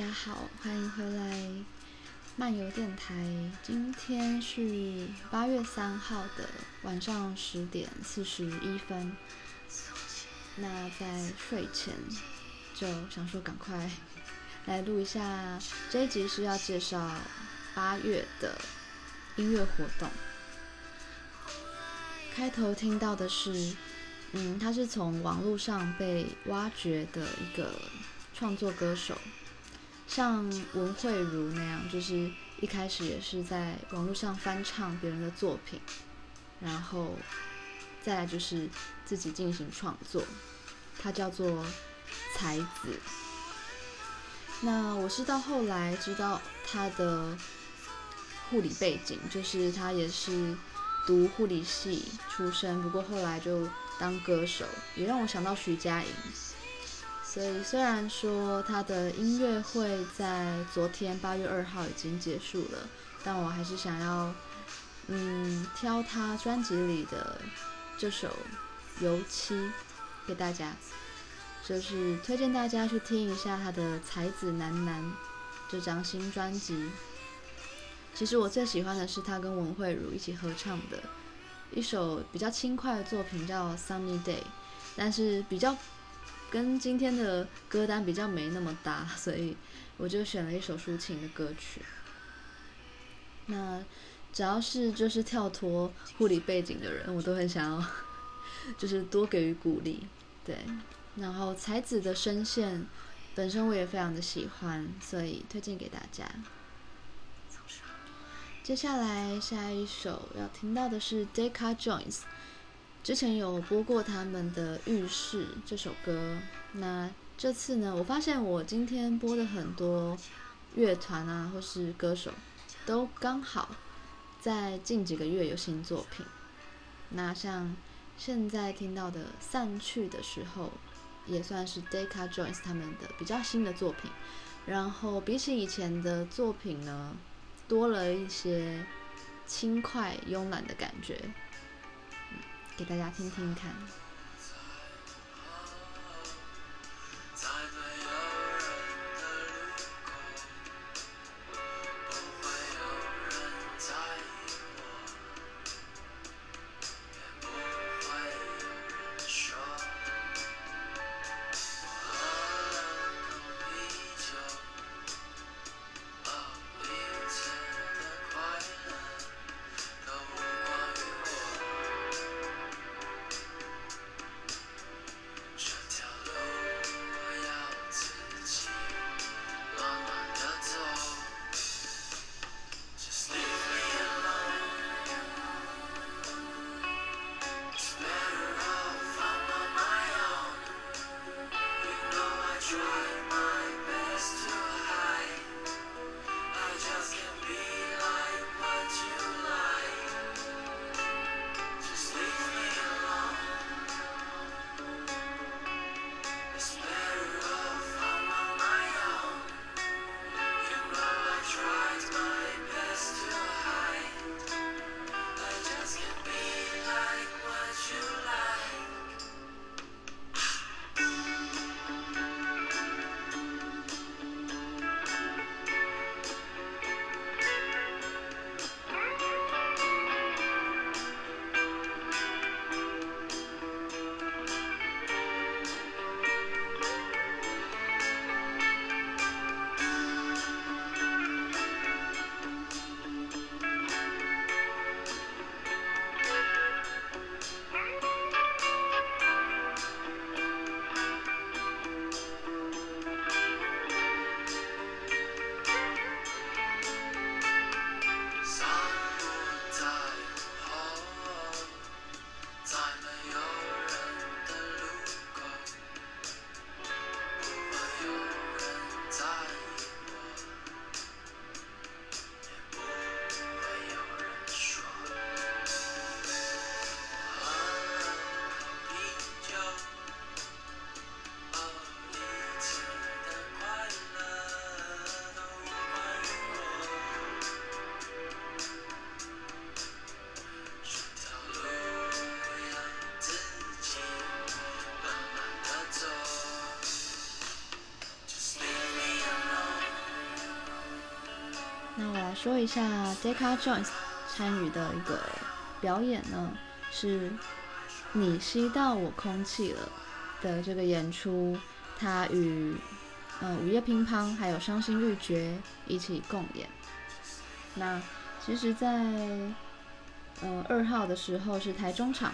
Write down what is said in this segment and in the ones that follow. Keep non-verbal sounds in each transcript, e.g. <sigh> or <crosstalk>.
大家好，歡迎回來漫遊電台。今天是八月三號的晚上十點四十一分。那在睡前就想說，趕快來錄一下這一集，是要介紹八月的音樂活動。開頭聽到的是，嗯，他是從網絡上被挖掘的一個創作歌手。像文慧如那樣，就是一開始也是在網絡上翻唱別人的作品，然後再來就是自己進行創作，他叫做才子。那我是到後來知道他的護理背景，就是他也是讀護理系出身，不過後來就當歌手，也讓我想到徐佳瑩。所以雖然說他的音樂會在昨天八月二號已經結束了，但我還是想要，嗯，挑他專輯裡的這首《油漆》給大家，就是推薦大家去聽一下他的《才子男男》這張新專輯。其實我最喜歡的是他跟文慧如一起合唱的一首比較輕快的作品，叫《Sunny Day》，但是比較。跟今天的歌單比較沒那麼搭，所以我就選了一首抒情的歌曲。那只要是就是跳脫護理背景的人，我都很想要，就是多給予鼓勵。對，然後才子的聲線本身我也非常的喜歡，所以推薦給大家。接下來下一首要聽到的是 Deca Joins 之前有播過他們的《浴室》這首歌，那這次呢？我發現我今天播的很多樂團啊，或是歌手，都剛好在近幾個月有新作品。那像現在聽到的《散去的時候》，也算是 Deca Joins 他們的比較新的作品。然後比起以前的作品呢，多了一些輕快慵懶的感覺。給大家聽聽看。說一下 Deca Joins 參與的一個表演呢，是“你吸到我空氣了”的這個演出，他與呃《午夜乒乓》還有《傷心欲絕》一起共演。那其實在，在呃二號的時候是台中場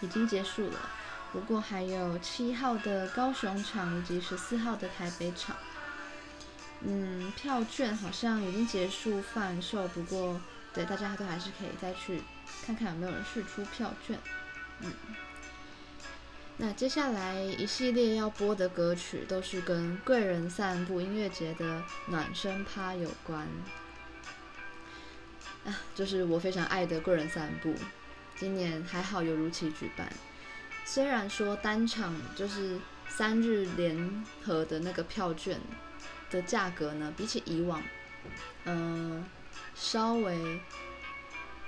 已經結束了，不過還有七號的高雄場以及十四號的台北場。嗯，票券好像已經結束販售，不過對，大家都還是可以再去看看有沒有人釋出票券。嗯，那接下來一系列要播的歌曲都是跟貴人散步音樂節的暖身趴有關啊，就是我非常愛的貴人散步，今年還好有如期舉辦，雖然說單場就是三日聯合的那個票券的價格呢，比起以往，嗯、呃，稍微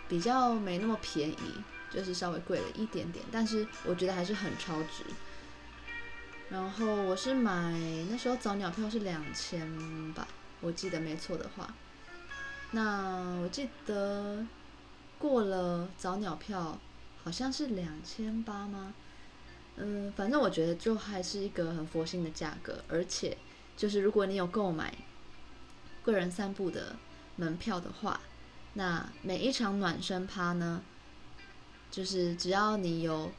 比較沒那麼便宜，就是稍微貴了一點點。但是我覺得還是很超值。然後我是買那時候早鳥票是兩千吧，我記得沒錯的話。那我記得過了早鳥票好像是兩千八嗎？嗯、呃，反正我覺得就還是一個很佛心的價格，而且。就是如果你有購買貴人散步的門票的話，那每一場暖身趴呢，就是只要你有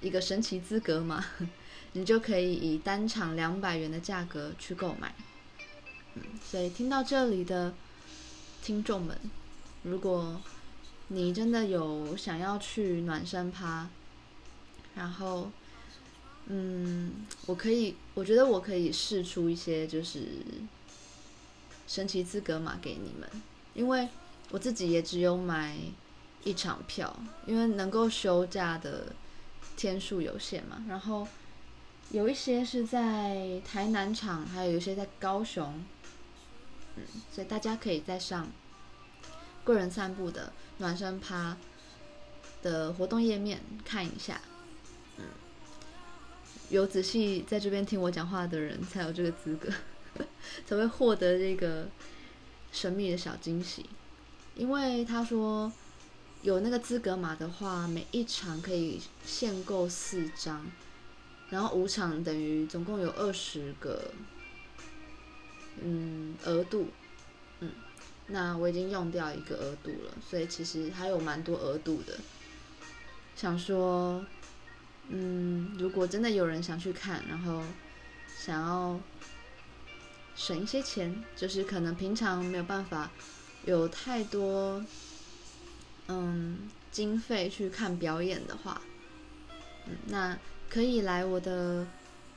一個神奇資格碼，你就可以以單場兩百元的價格去購買。嗯，所以聽到這裡的聽眾們，如果你真的有想要去暖身趴，然後。嗯，我可以，我覺得我可以試出一些就是神奇資格碼給你們，因為我自己也只有買一場票，因為能夠休假的天數有限嘛。然後有一些是在台南場，還有一些在高雄，嗯，所以大家可以在上貴人散步的暖身趴的活動頁面看一下。有仔細在這邊聽我講話的人，才有這個資格，才會獲得這個神祕的小驚喜。因為他說有那個資格碼的話，每一場可以限購四張，然後五場等於總共有二十個，嗯，額度，嗯。那我已經用掉一個額度了，所以其實還有蠻多額度的，想說。嗯，如果真的有人想去看，然後想要省一些錢，就是可能平常沒有辦法有太多嗯經費去看表演的話，嗯，那可以來我的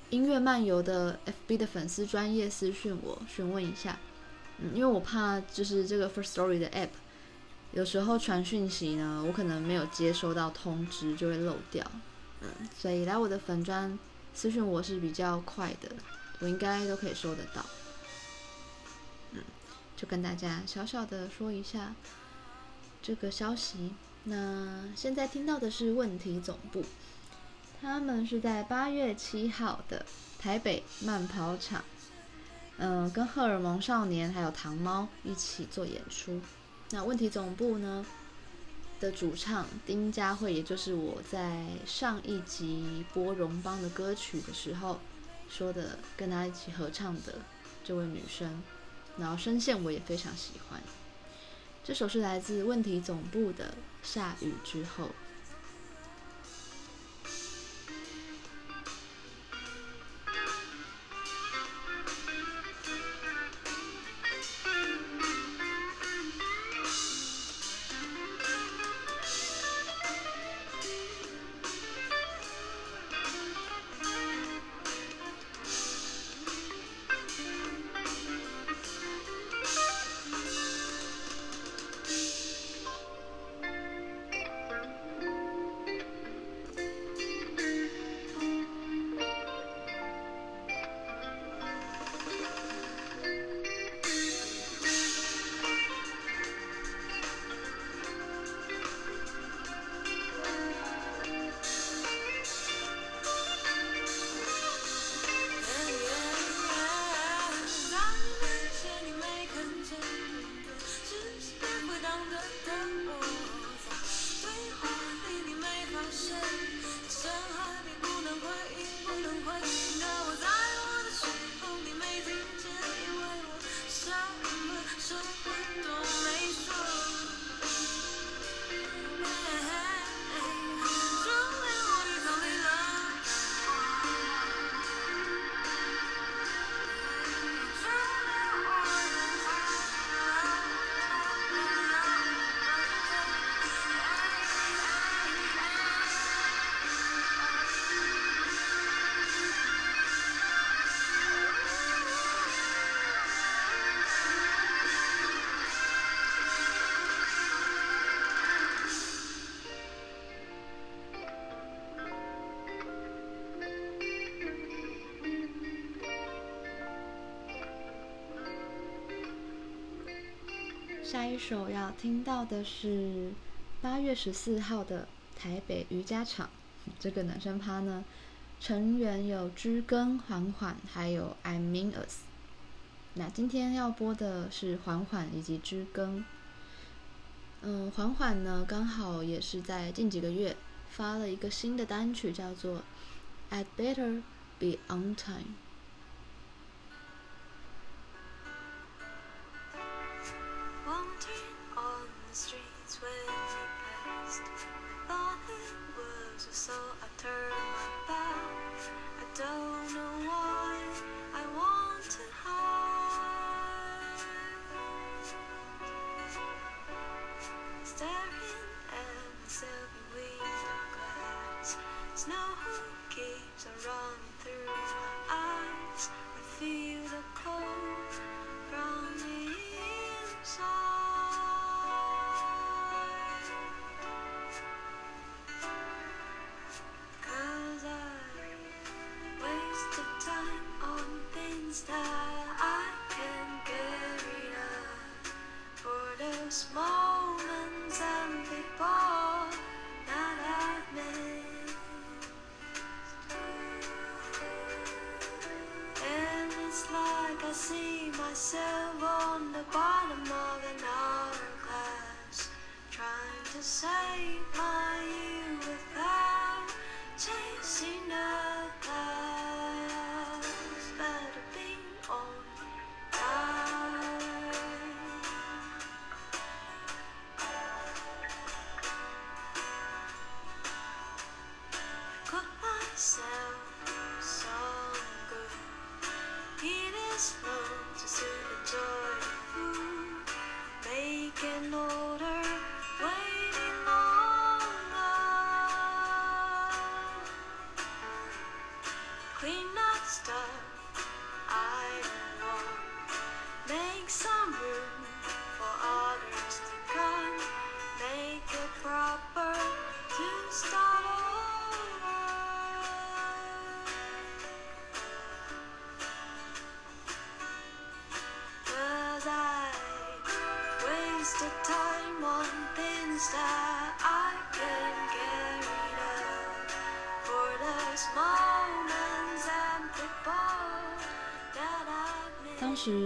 音樂漫遊的 FB 的粉絲專頁私訊我詢問一下。嗯，因為我怕就是這個 Firstory 的 App 有時候傳訊息呢，我可能沒有接收到通知就會漏掉。嗯，所以來我的粉專私訊我是比較快的，我應該都可以收得到。嗯，就跟大家小小的說一下這個消息。那現在聽到的是問題總部，他們是在八月七號的台北慢跑場，嗯，跟荷爾蒙少年還有糖貓一起做演出。那問題總部呢？的主唱丁佳慧，也就是我在上一集播《榮邦》的歌曲的時候說的，跟她一起合唱的這位女生，然後聲線我也非常喜歡。這首是來自《問題總部》的《下雨之後》。下一首要聽到的是八月十四號的台北瑜伽場，這個暖身趴呢，成員有知更、緩緩，還有 I Mean Us。那今天要播的是緩緩以及知更。嗯，緩緩呢，剛好也是在近幾個月發了一個新的單曲，叫做《I'd Better Be On Time》。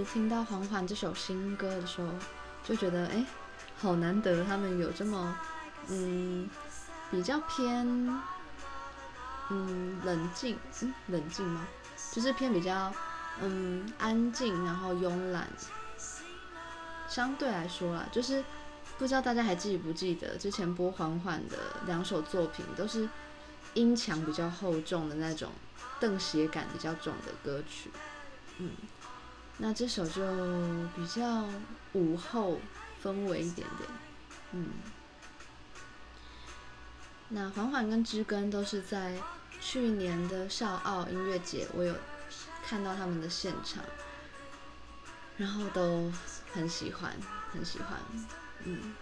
聽到《緩緩》這首新歌的時候，就覺得哎、欸，好難得他們有這麼嗯比較偏嗯冷靜嗯冷靜嗎？就是偏比較嗯安靜，然後慵懶。相對來說啦，就是不知道大家還記不記得之前播《緩緩》的兩首作品，都是音牆比較厚重的那種，瞪鞋感比較重的歌曲，嗯。那這首就比較午後氛圍一點點，嗯。那緩緩跟枝根都是在去年的少奧音樂節，我有看到他們的現場，然後都很喜歡，很喜歡，嗯。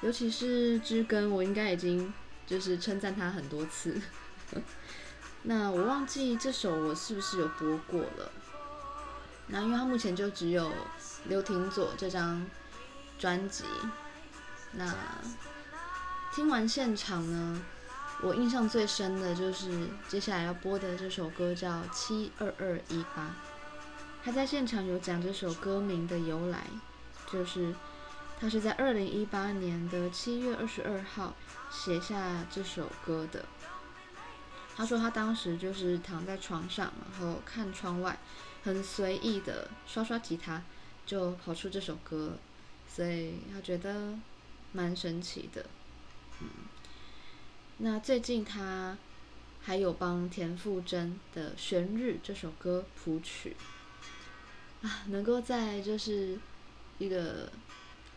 尤其是枝根，我應該已經就是稱讚他很多次。 <laughs> 那我忘記這首我是不是有播過了。那、啊、因為他目前就只有劉庭佐這張專輯，那聽完現場呢，我印象最深的就是接下來要播的這首歌叫《七二二一八》，他在現場有講這首歌名的由來，就是他是在二零一八年的七月二十二號寫下這首歌的。他說他當時就是躺在床上，然後看窗外。很隨意的刷刷吉他，就跑出這首歌，所以他覺得蠻神奇的。嗯，那最近他還有幫田馥甄的《懸日》這首歌譜曲，啊，能夠在就是一個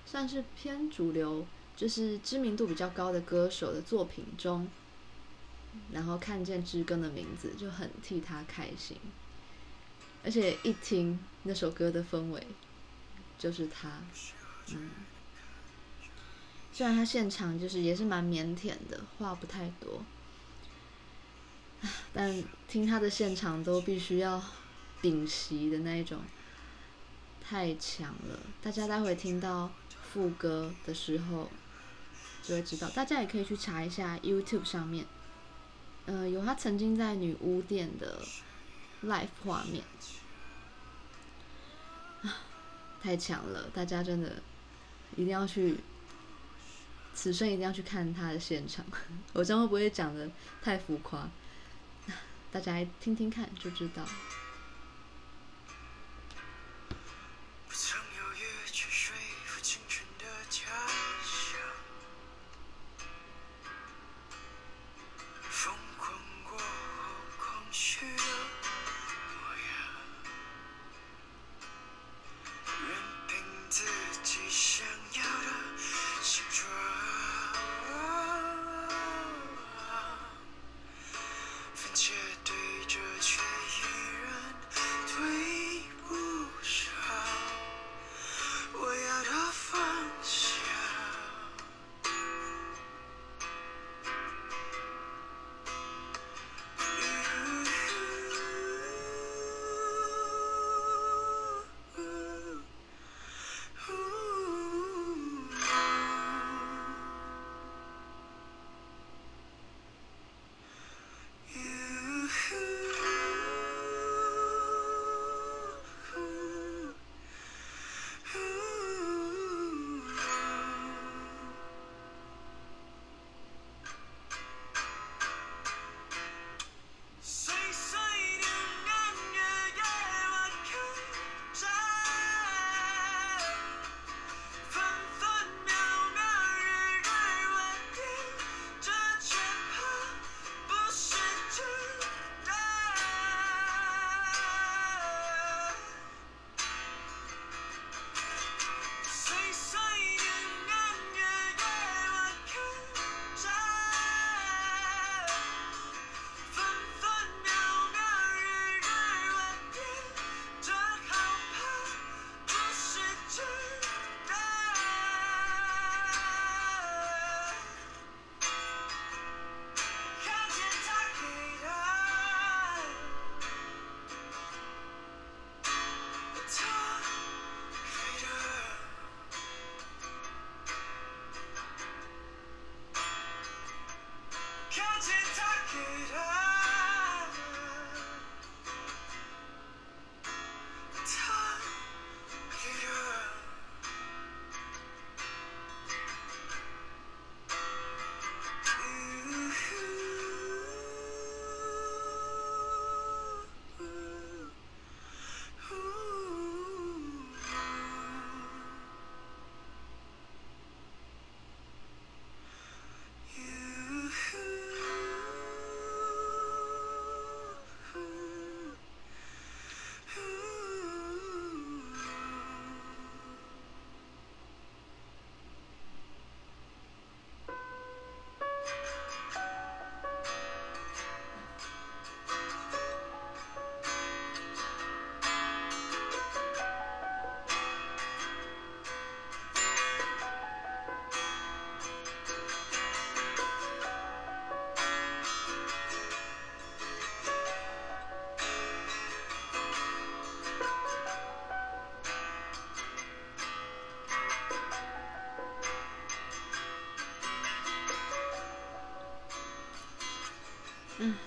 算是偏主流，就是知名度比較高的歌手的作品中，然後看見知更的名字，就很替他開心。而且一聽那首歌的氛圍，就是他，嗯，雖然他現場就是也是蠻靦腆的，話不太多，但聽他的現場都必須要屏息的那一種，太強了。大家待會聽到副歌的時候就會知道，大家也可以去查一下 YouTube 上面，嗯、呃，有他曾經在女巫店的。Life 畫面，太強了！大家真的一定要去，此生一定要去看他的現場。我這樣會不會講得太浮誇？大家來聽聽看就知道。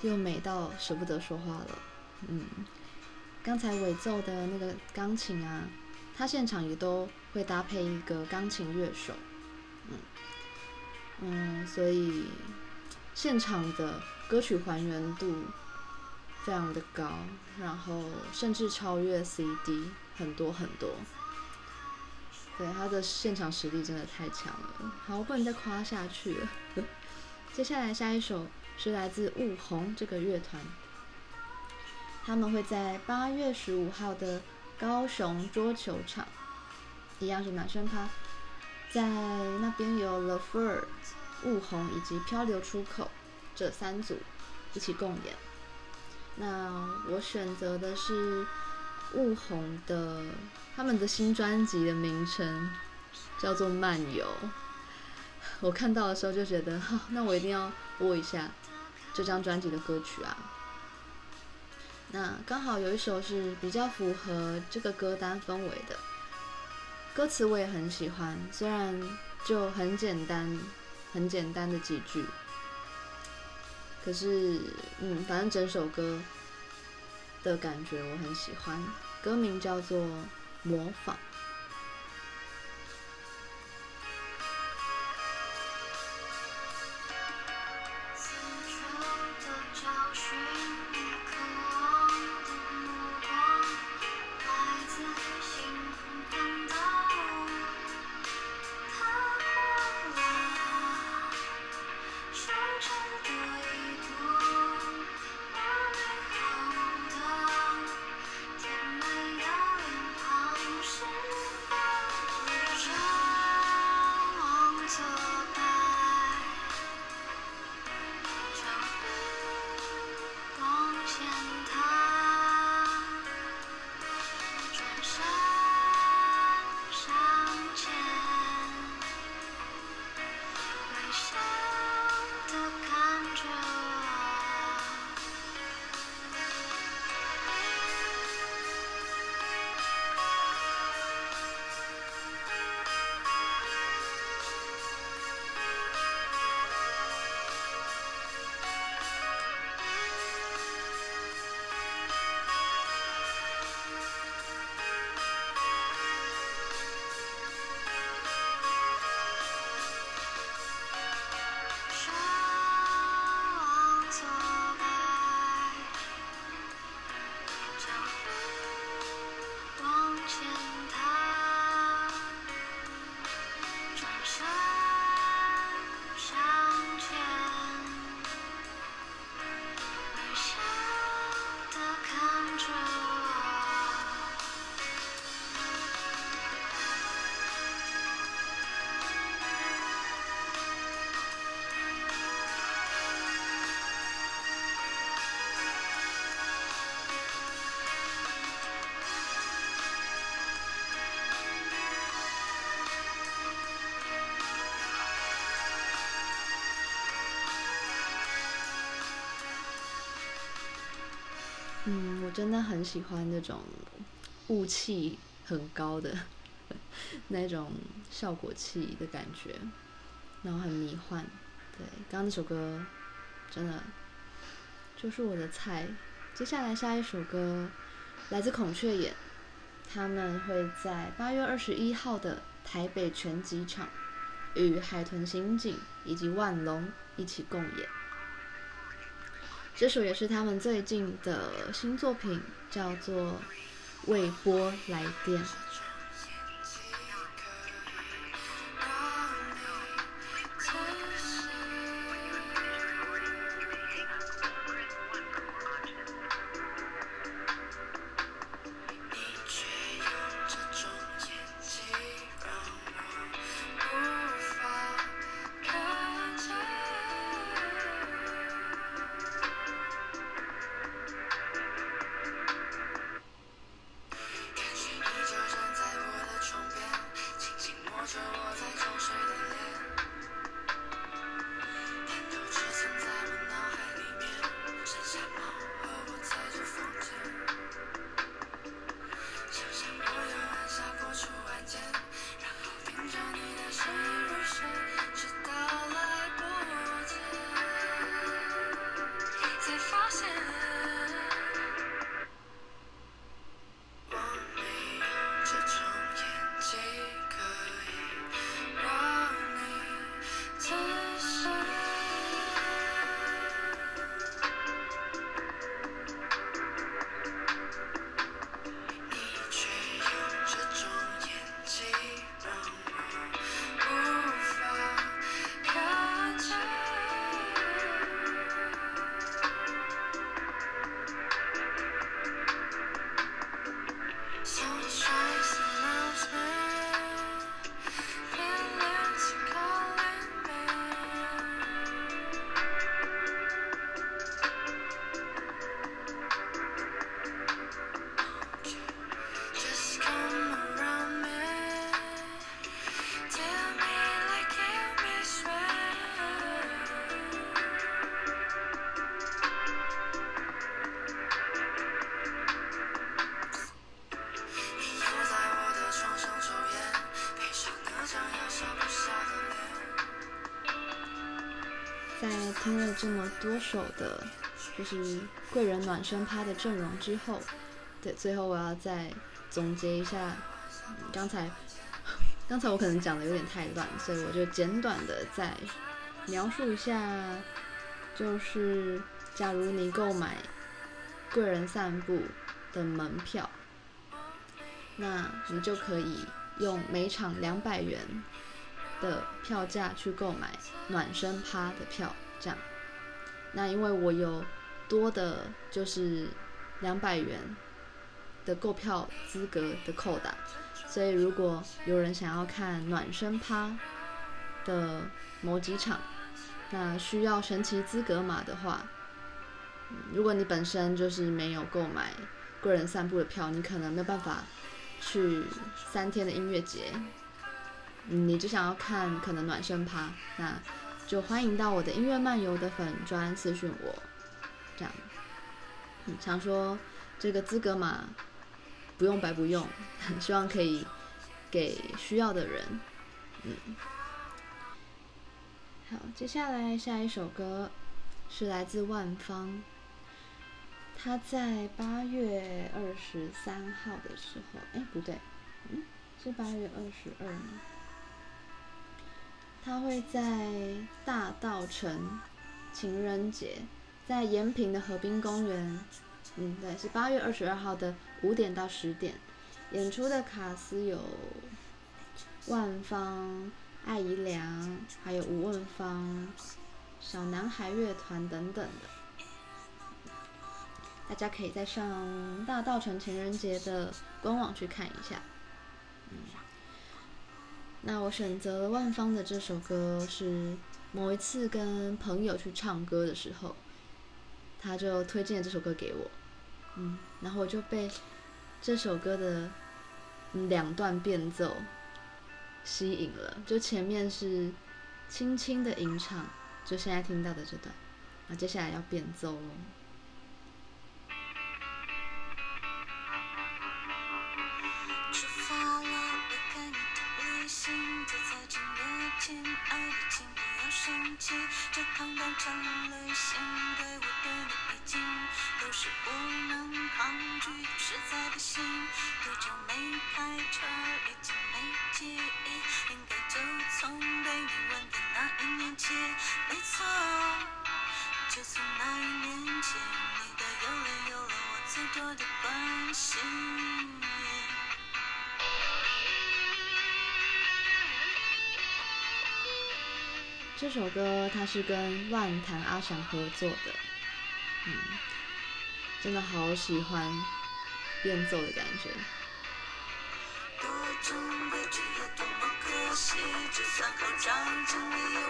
又美到捨不得說話了，嗯，剛才尾奏的那個鋼琴啊，他現場也都會搭配一個鋼琴樂手，嗯嗯，所以現場的歌曲還原度非常的高，然後甚至超越 CD 很多很多，對，他的現場實力真的太強了，好，不能再誇下去了， <laughs> 接下來下一首。是來自霧虹這個樂團，他們會在八月十五號的高雄桌球場，一樣是暖身趴，在那邊有 The Fur、霧虹以及漂流出口這三組一起共演。那我選擇的是霧虹的，他們的新專輯的名稱叫做《漫遊》，我看到的時候就覺得，好，那我一定要播一下。這張專輯的歌曲啊，那剛好有一首是比較符合這個歌單氛圍的，歌詞我也很喜歡，雖然就很簡單、很簡單的幾句，可是嗯，反正整首歌的感覺我很喜歡，歌名叫做《模仿》。真的很喜歡那種霧氣很高的，對，那種效果器的感覺，然後很迷幻。對，剛剛那首歌真的就是我的菜。接下來下一首歌來自孔雀眼，他們會在八月二十一號的台北拳擊場，與海豚刑警以及萬隆一起共演。這首也是他們最近的新作品，叫做《未播來電》。這麼多首的，就是貴人暖身趴的陣容之後，對，最後我要再總結一下，剛才剛才我可能講的有點太亂，所以我就簡短的再描述一下，就是假如你購買貴人散步的門票，那你就可以用每場兩百元的票價去購買暖身趴的票，這樣。那因為我有多的就是兩百元的購票資格的扣打，所以如果有人想要看暖身趴的某幾場，那需要神奇資格碼的話，嗯，如果你本身就是沒有購買貴人散步的票，你可能沒有辦法去三天的音樂節，嗯，你就想要看可能暖身趴那。就歡迎到我的音樂漫遊的粉專私訊我，這樣，嗯，常說這個資格碼，不用白不用，希望可以給需要的人。嗯，好，接下來下一首歌是來自萬芳，她在八月二十三號的時候，哎不對，嗯，是八月二十二嗎？他會在大稻埕情人節，在延平的河濱公園，嗯，對，是八月二十二號的五點到十點，演出的卡司有萬芳、艾怡良，還有吳汶芳、小男孩樂團等等的，大家可以再上大稻埕情人節的官網去看一下，嗯。那我選擇了萬芳的這首歌，是某一次跟朋友去唱歌的時候，他就推薦這首歌給我，嗯，然後我就被這首歌的兩段變奏吸引了，就前面是輕輕的吟唱，就現在聽到的這段，那接下來要變奏囉。這首歌它是跟亂彈阿翔合作的。嗯，真的好喜歡變奏的感覺。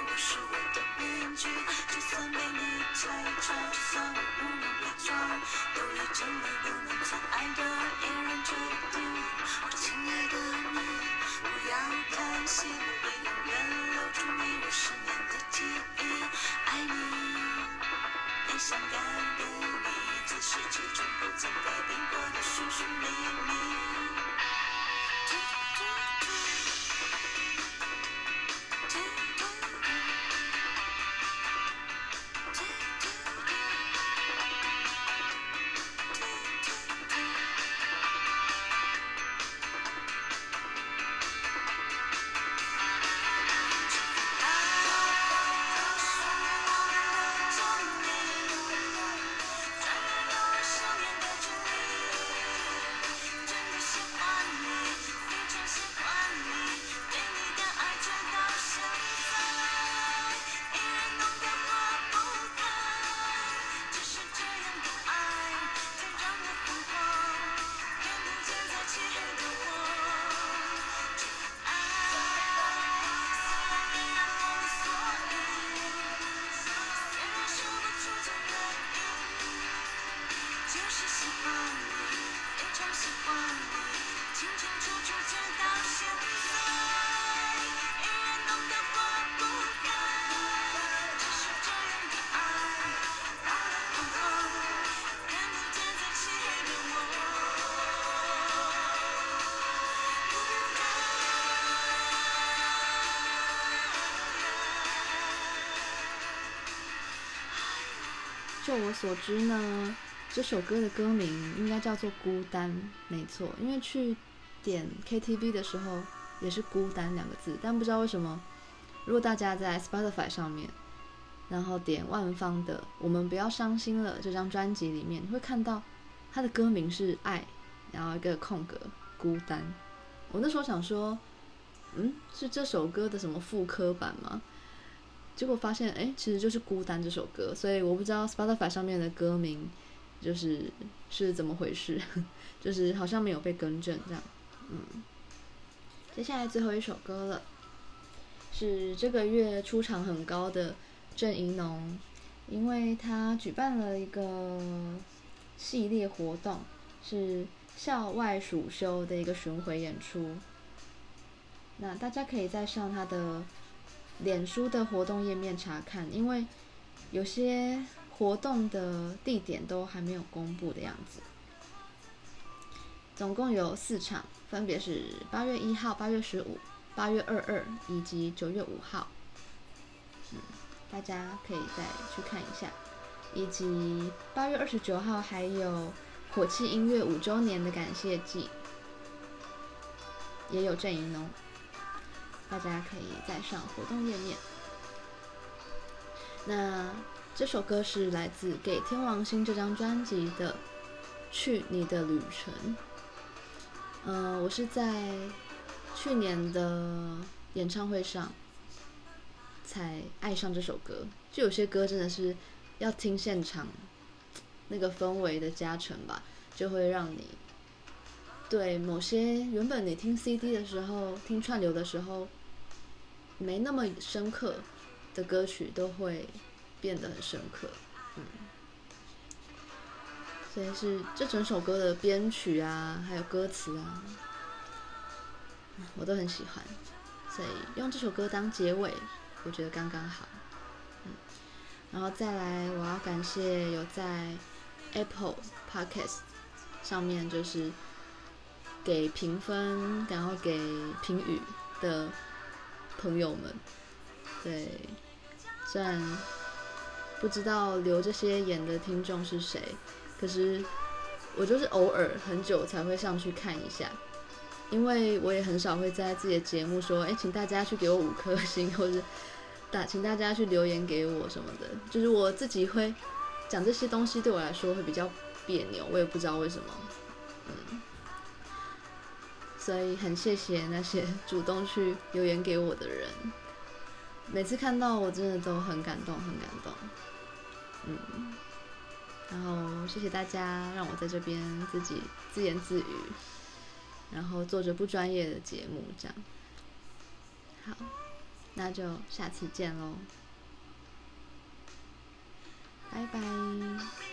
<noise> 想改變你，這是只從不曾改變過的尋尋覓覓。就我所知呢，這首歌的歌名應該叫做《孤單》，沒錯。因為去點 KTV 的時候也是“孤單”兩個字，但不知道為什麼，如果大家在 Spotify 上面，然後點萬芳的《我們不要傷心了》這張專輯裡面，你會看到他的歌名是“愛”，然後一個空格“孤單”。我那時候想說，嗯，是這首歌的什麼復刻版嗎？結果發現，哎，其實就是《孤單》這首歌，所以我不知道 Spotify 上面的歌名就是是怎麼回事，就是好像沒有被更正這樣。嗯，接下來最後一首歌了，是這個月出場很高的鄭宜農，因為他舉辦了一個系列活動，是校外暑修的一個巡迴演出。那大家可以再上他的。臉書的活動頁面查看，因為有些活動的地點都還沒有公布的樣子。總共有四場，分別是八月一號、八月十五、八月二二以及九月五號。嗯，大家可以再去看一下，以及八月二十九號還有火氣音樂五周年的感謝祭。也有陣營哦。大家可以再上活動頁面。那這首歌是來自《給天王星》這張專輯的《去你的旅程》。嗯、呃，我是在去年的演唱會上才愛上這首歌。就有些歌真的是要聽現場那個氛圍的加成吧，就會讓你對某些原本你聽 CD 的時候，聽串流的時候，沒那麼深刻的歌曲都會變得很深刻，嗯，所以是這整首歌的編曲啊，還有歌詞啊，嗯，我都很喜歡，所以用這首歌當結尾，我覺得剛剛好，嗯，然後再來，我要感謝有在 Apple Podcast 上面就是給評分，然後給評語的。朋友們，對，雖然不知道留這些言的聽眾是誰，可是我就是偶爾很久才會上去看一下，因為我也很少會在自己的節目說，哎，請大家去給我五顆星，或者打，請大家去留言給我什麼的，就是我自己會講這些東西，對我來說會比較彆扭，我也不知道為什麼，嗯。所以很謝謝那些主動去留言給我的人，每次看到我真的都很感動，很感動。嗯，然後謝謝大家讓我在這邊自己自言自語，然後做着不專業的節目這樣。好，那就下次見嘍，拜拜。